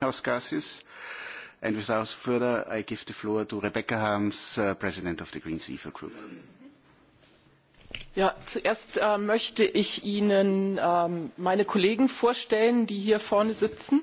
greenhouse gases. And without further, I give the floor to Rebecca Harms, uh, President of the Green EFA Group. Ja, zuerst äh, möchte ich Ihnen ähm, meine Kollegen vorstellen, die hier vorne sitzen.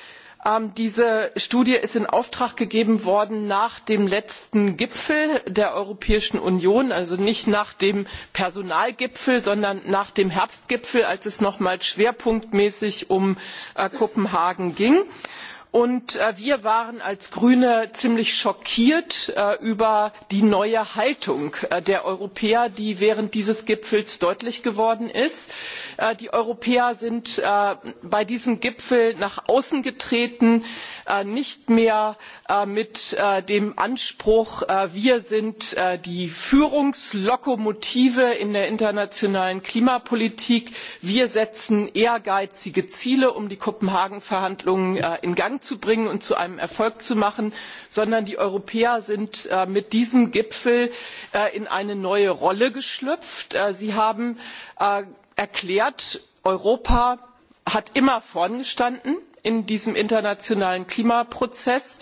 Ähm, diese Studie ist in Auftrag gegeben worden nach dem letzten Gipfel der Europäischen Union, also nicht nach dem Personalgipfel, sondern nach dem Herbstgipfel, als es nochmals schwerpunktmäßig um äh, Kopenhagen ging. Und äh, wir waren als Grüne ziemlich schockiert äh, über die neue Haltung äh, der Europäer, die während dieses Gipfels deutlich geworden ist. Äh, die Europäer sind äh, bei diesem Gipfel nach außen getreten, äh, nicht mehr mit dem Anspruch, wir sind die Führungslokomotive in der internationalen Klimapolitik, wir setzen ehrgeizige Ziele, um die Kopenhagen-Verhandlungen in Gang zu bringen und zu einem Erfolg zu machen, sondern die Europäer sind äh, mit diesem Gipfel äh, in eine neue Rolle geschlüpft. Äh, sie haben äh, erklärt, Europa hat immer vorn gestanden in diesem internationalen Klimaprozess. Äh,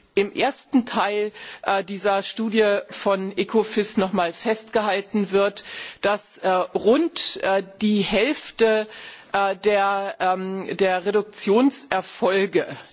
im ersten Teil äh, dieser Studie von Ecofis noch mal festgehalten wird, dass äh, rund äh, die Hälfte äh, der, ähm, der Reduktionserfolge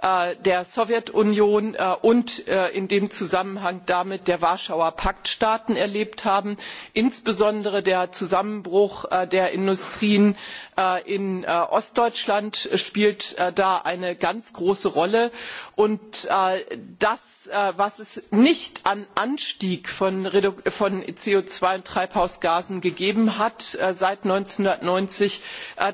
Äh, der Sowjetunion äh, und äh, in dem Zusammenhang damit der Warschauer Paktstaaten erlebt haben, insbesondere der Zusammenbruch der Industrien in Ostdeutschland spielt da eine ganz große Rolle und das, was es nicht an Anstieg von, co zwei und Treibhausgasen gegeben hat seit 1990,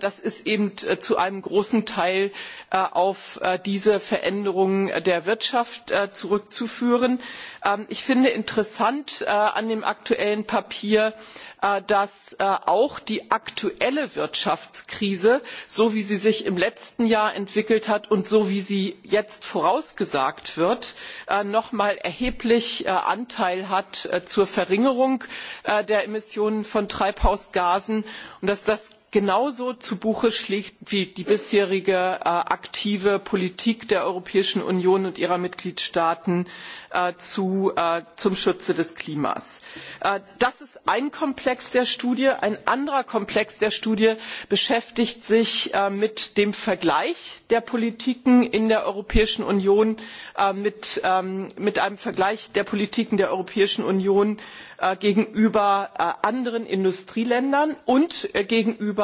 das ist eben zu einem großen Teil auf diese diese Veränderungen der Wirtschaft äh, zurückzuführen. Ähm, ich finde interessant äh, an dem aktuellen Papier, äh, dass auch die aktuelle Wirtschaftskrise, so wie sie sich im letzten Jahr entwickelt hat und so wie sie jetzt vorausgesagt wird, noch mal erheblich Anteil hat zur Verringerung der Emissionen von Treibhausgasen und dass das genauso zu Buche schlägt wie die bisherige äh, aktive Politik der Europäischen Union und ihrer Mitgliedstaaten äh, zu, äh, zum Schutze des Klimas. Äh, das ist ein Komplex der Studie. Ein anderer Komplex der Studie beschäftigt sich äh, mit dem Vergleich der Politiken in der Europäischen Union, äh, mit, ähm, mit, einem Vergleich der Politiken der Europäischen Union gegenüber anderen Industrieländern und gegenüber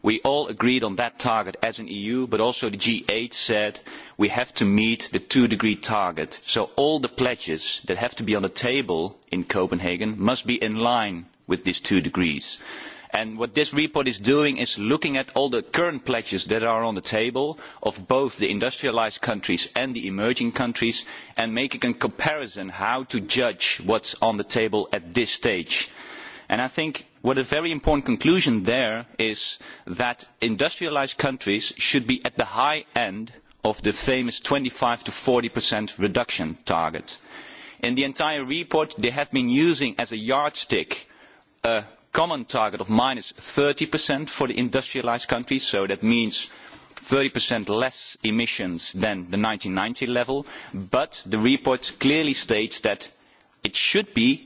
We all agreed on that target as an EU, but also the g eight said we have to meet the two degree target. So all the pledges that have to be on the table in Copenhagen must be in line with these two degrees. And what this report is doing is looking at all the current pledges that are on the table of both the industrialised countries and the emerging countries and making a comparison on how to judge what is on the table at this stage. And I think what a very important conclusion there is that industrialised countries should be at the high end of the famous twenty five to 40% reduction target. In the entire report, they have been using as a yardstick a common target of minus 30% for the industrialised countries, so that means 30% less emissions than the ninety level, but the report clearly states that it should be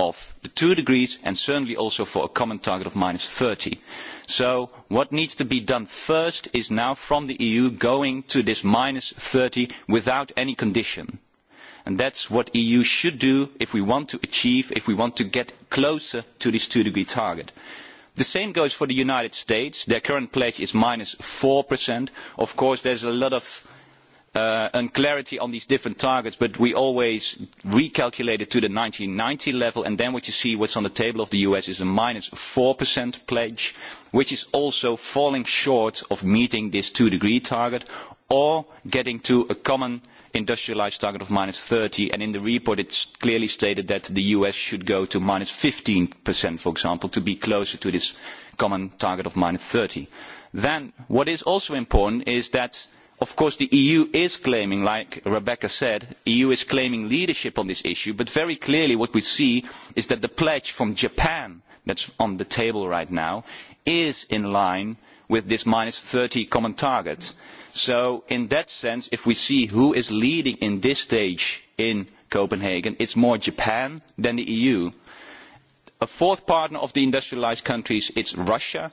of the two degrees and certainly also for a common target of minus thirty. So what needs to be done first is now from the EU going to this minus thirty without any condition. And is what the EU should do if we want to achieve, if we want to get closer to this two degree target. The same goes for the United States. Their current pledge is minus 4%. Of course, there is a lot of uh, and clarity on these different targets, but we always recalculate it to the ninety level, and then what you see what's on the table of the US is a minus 4% pledge, which is also falling short of meeting this two degree target or getting to a common industrialised target of minus thirty, and in the report it is clearly stated that the US should go to minus 15%, for example, to be closer to this common target of minus thirty. Then what is also important is that of course the EU is claiming, like Rebecca said, the EU is claiming leadership on this issue, but very clearly what we see is that the pledge from Japan that is on the table right now is in line with this minus thirty common target. So in that sense, if we see who is leading in this stage in Copenhagen, it is more Japan than the EU. A fourth partner of the industrialised countries, is Russia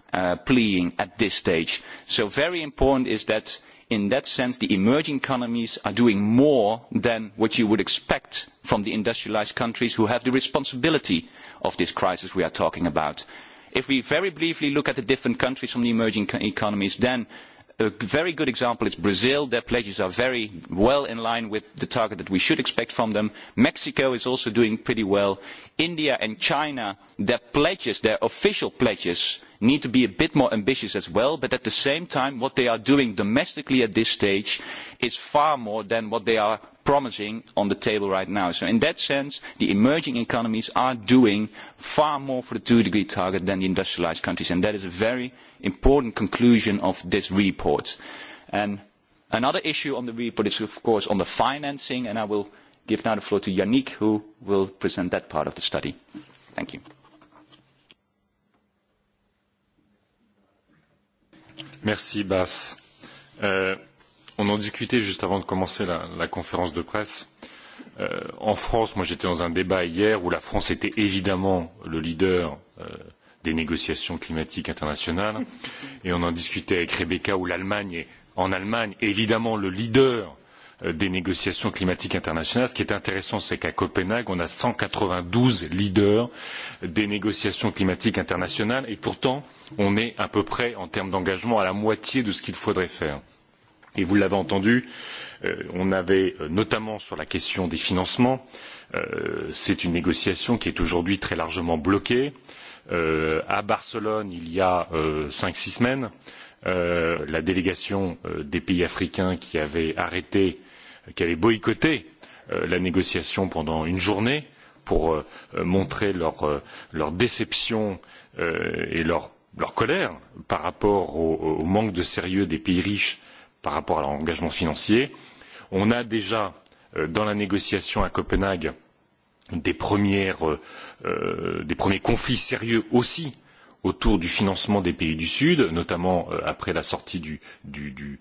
Uh, pleading at this stage. So very important is that in that sense the emerging economies are doing more than what you would expect from the industrialised countries who have the responsibility of this crisis we are talking about. If we very briefly look at the different countries from the emerging economies, then A very good example is Brazil. Their pledges are very well in line with the target that we should expect from them. Mexico is also doing pretty well. India and China, their pledges, their official pledges, need to be a bit more ambitious as well. But at the same time, what they are doing domestically at this stage is far more than what they are promising on the table right now. So in that sense, the emerging economies are doing far more for the two-degree target than the industrialised countries. And that is a very important conclusion of this report. And another issue on the report is, of course, on the financing, and I will give now the floor to Yannick, who will present that part of the study. Thank you. Merci, Bas. Euh, on en discutait juste avant de commencer la, la conférence de presse. Euh, en France, moi j'étais dans un débat hier où la France était évidemment le leader euh, des négociations climatiques internationales. Et on en discutait avec Rebecca où l'Allemagne est, en Allemagne, évidemment, le leader euh, des négociations climatiques internationales. Ce qui est intéressant, c'est qu'à Copenhague, on a 192 leaders des négociations climatiques internationales et pourtant, on est à peu près, en termes d'engagement, à la moitié de ce qu'il faudrait faire. Et vous l'avez entendu, euh, on avait euh, notamment sur la question des financements, c'est une négociation qui est aujourd'hui très largement bloquée. Euh, euh, à Barcelone il y a euh, cinq six semaines. Euh, la délégation euh, des pays africains qui avait arrêté, euh, qui avait boycotté euh, la négociation pendant une journée pour euh, montrer leur, euh, leur déception euh, et leur, leur colère par rapport au, au manque de sérieux des pays riches par rapport à leur engagement financier. On a déjà, euh, dans la négociation à Copenhague, euh, des, premières, euh, euh, des premiers conflits sérieux aussi autour du financement des pays du Sud, notamment euh, après la sortie du, du, du,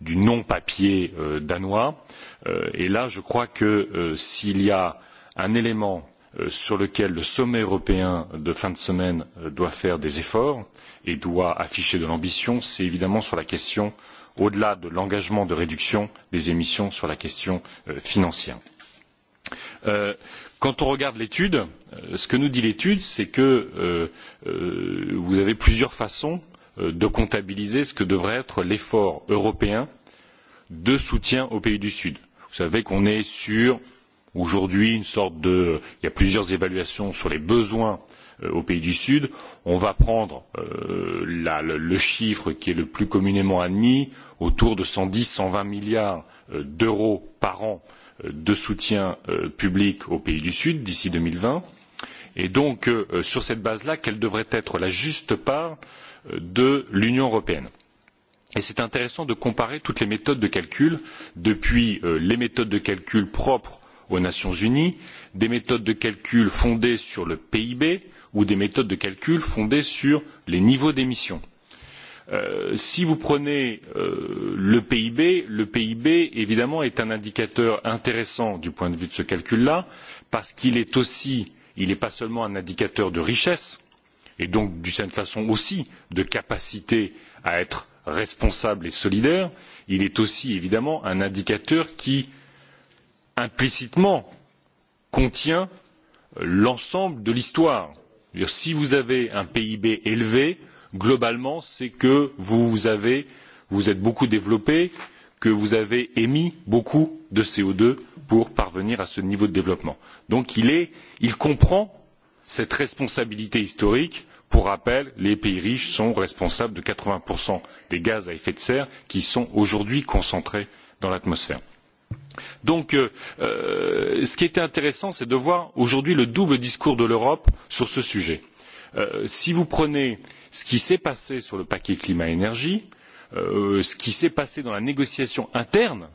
du non-papier euh, danois. Euh, et là, je crois que euh, s'il y a un élément euh, sur lequel le sommet européen de fin de semaine euh, doit faire des efforts et doit afficher de l'ambition, c'est évidemment sur la question, au-delà de l'engagement de réduction des émissions, sur la question euh, financière. Euh, quand on regarde l'étude, euh, ce que nous dit l'étude, c'est que euh, vous avez plusieurs façons de comptabiliser ce que devrait être l'effort européen de soutien aux pays du Sud. Vous savez qu'on est sur aujourd'hui une sorte de il y a plusieurs évaluations sur les besoins euh, aux pays du Sud. On va prendre euh, la, le, le chiffre qui est le plus communément admis, autour de 110-120 milliards euh, d'euros par an de soutien euh, public aux pays du Sud d'ici deux mille vingt, Et donc, euh, sur cette base-là, quelle devrait être la juste part euh, de l'Union européenne Et c'est intéressant de comparer toutes les méthodes de calcul, depuis les méthodes de calcul propres aux Nations Unies, des méthodes de calcul fondées sur le PIB ou des méthodes de calcul fondées sur les niveaux d'émissions. Euh, si vous prenez euh, le PIB, le PIB évidemment est un indicateur intéressant du point de vue de ce calcul-là, parce qu'il est aussi, il n'est pas seulement un indicateur de richesse, et donc d'une certaine façon aussi de capacité à être responsable et solidaire, il est aussi évidemment un indicateur qui implicitement contient euh, l'ensemble de l'histoire. Si vous avez un PIB élevé, euh, globalement, c'est que vous, avez, vous êtes beaucoup développé, que vous avez émis beaucoup de co deux pour parvenir à ce niveau de développement. Donc il, est, il comprend cette responsabilité historique. Pour rappel, les pays riches sont responsables de quatre 80% des gaz à effet de serre qui sont aujourd'hui concentrés dans l'atmosphère. Donc, euh, euh, ce qui était intéressant, c'est de voir aujourd'hui le double discours de l'Europe sur ce sujet. Euh, si vous prenez ce qui s'est passé sur le paquet climat énergie, euh, ce qui s'est passé dans la négociation interne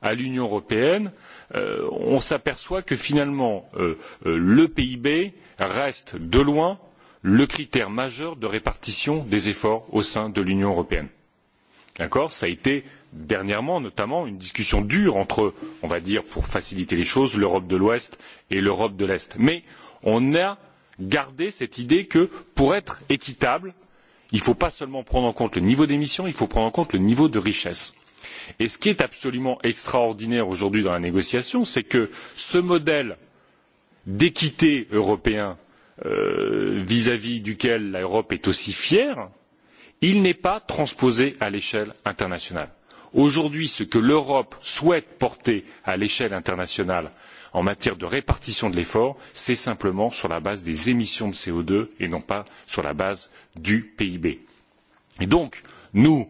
à l'Union européenne, euh, on s'aperçoit que finalement euh, euh le PIB reste de loin le critère majeur de répartition des efforts au sein de l'Union européenne. D'accord Ça a été dernièrement notamment une discussion dure entre, on va dire, pour faciliter les choses, l'Europe de l'Ouest et l'Europe de l'Est. Mais on a gardé cette idée que pour être équitable, Il ne faut pas seulement prendre en compte le niveau d'émission, il faut prendre en compte le niveau de richesse. Et ce qui est absolument extraordinaire aujourd'hui dans la négociation, c'est que ce modèle d'équité européen euh, vis-à-vis euh, -vis duquel l'Europe est aussi fière, il n'est pas transposé à l'échelle internationale. Aujourd'hui, ce que l'Europe souhaite porter à l'échelle internationale en matière de répartition de l'effort, c'est simplement sur la base des émissions de co deux et non pas sur la base du PIB. Et donc, nous,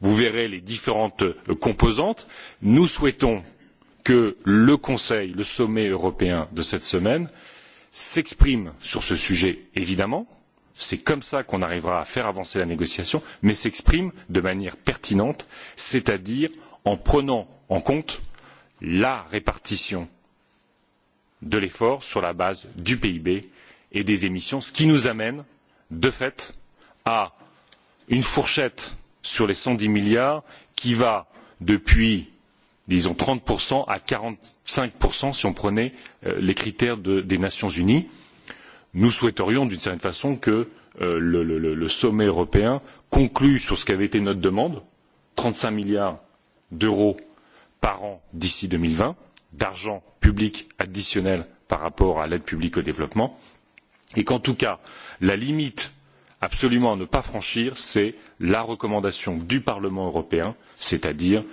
vous verrez les différentes euh, composantes, nous souhaitons que le Conseil, le sommet européen de cette semaine, s'exprime sur ce sujet, évidemment, c'est comme cela qu'on arrivera à faire avancer la négociation, mais s'exprime de manière pertinente, c'est-à-dire en prenant en compte la répartition de l'effort sur la base du PIB et des émissions, ce qui nous amène, de fait, à une fourchette sur les cent dix milliards qui va depuis, disons, trente à quarante cinq si on prenait euh, les critères de, des Nations Unies. Nous souhaiterions, d'une certaine façon, que euh, le, le, le sommet européen conclue sur ce qu'avait été notre demande, trente cinq milliards d'euros par an d'ici deux mille vingt d'argent public additionnel par rapport à l'aide publique au développement et qu'en tout cas la limite absolument à ne pas franchir c'est la recommandation du Parlement européen c'est-à-dire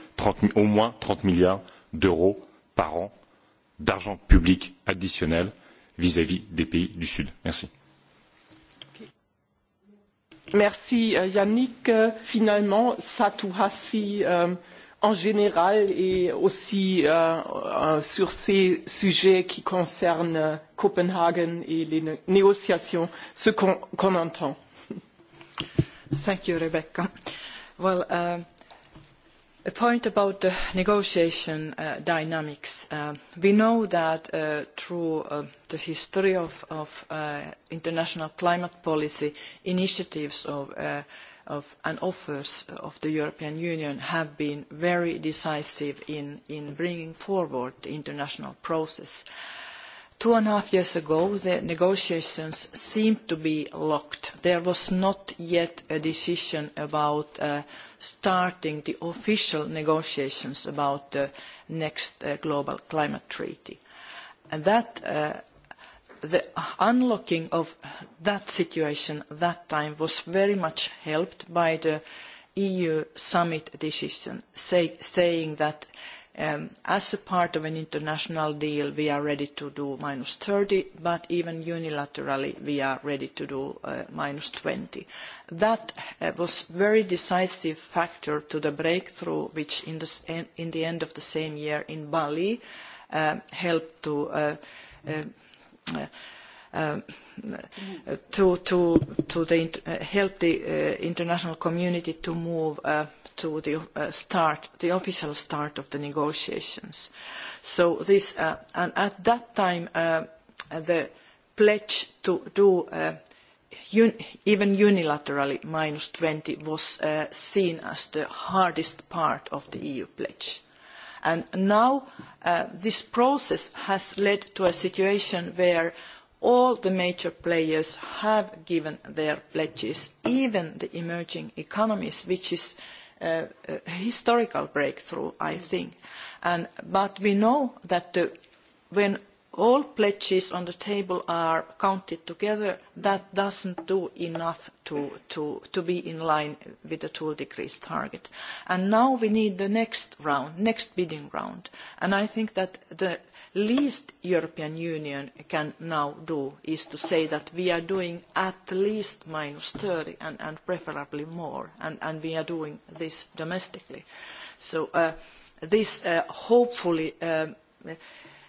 au moins trente milliards d'euros par an d'argent public additionnel vis-à-vis -vis des pays du Sud. Merci. Merci euh, Yannick. Euh, finalement, Satou Hassi, euh, en général et aussi euh, euh, sur ces sujets qui concernent euh, Copenhague et les négociations, ce qu'on qu entend. Thank you, Rebecca. Well, uh, a point about the negotiation uh, dynamics. Uh, we know that uh, through uh, the history of, of uh, international climate policy initiatives of uh, of, and offers of the European Union have been very decisive in, in bringing forward the international process. Two and a half years ago, the negotiations seemed to be locked. There was not yet a decision about uh, starting the official negotiations about the next uh, global climate treaty. And that uh, the unlocking of that situation at that time was very much helped by the EU summit decision say, saying that um, as a part of an international deal we are ready to do minus thirty, but even unilaterally we are ready to do uh, minus twenty. That uh, was a very decisive factor to the breakthrough which in the, in the end of the same year in Bali uh, helped to uh, uh, to, to, to the, uh, help the uh, international community to move uh, to the uh, start, the official start of the negotiations. So this, uh, and at that time, uh, the pledge to do uh, un even unilaterally minus 20 was uh, seen as the hardest part of the EU pledge And now uh, this process has led to a situation where all the major players have given their pledges, even the emerging economies, which is uh, a historical breakthrough, I think. And, but we know that the, when all pledges on the table are counted together, that doesn't do enough to, to, to be in line with the two degrees target. And now we need the next round, next bidding round. And I think that the least European Union can now do is to say that we are doing at least minus 30 and, and preferably more, and, and we are doing this domestically. So uh, this uh, hopefully uh,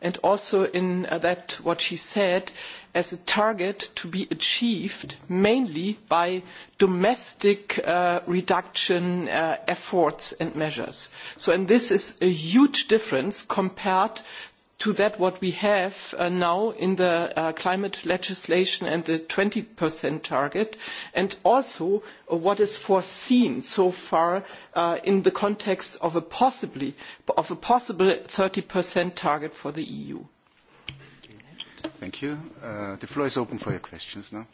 and also in uh, that what she said as a target to be achieved mainly by domestic uh, reduction uh, efforts and measures. So, and this is a huge difference compared to that what we have uh, now in the uh, climate legislation and the 20% target, and also uh, what is foreseen so far uh, in the context of a, possibly, of a possible 30% target for the EU. Thank you. Uh, the floor is open for your questions now.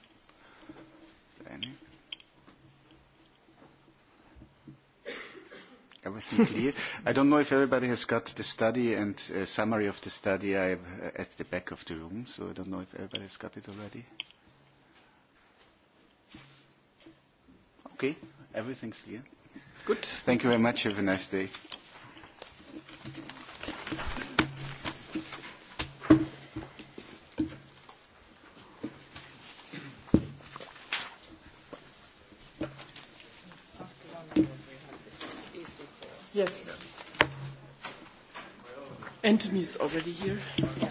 Any? everything clear? I don't know if everybody has got the study and a uh, summary of the study I have uh, at the back of the room, so I don't know if everybody has got it already. Okay, everything's clear. Good. Thank you very much. Have a nice day. Yes. Anthony is already here. Yeah.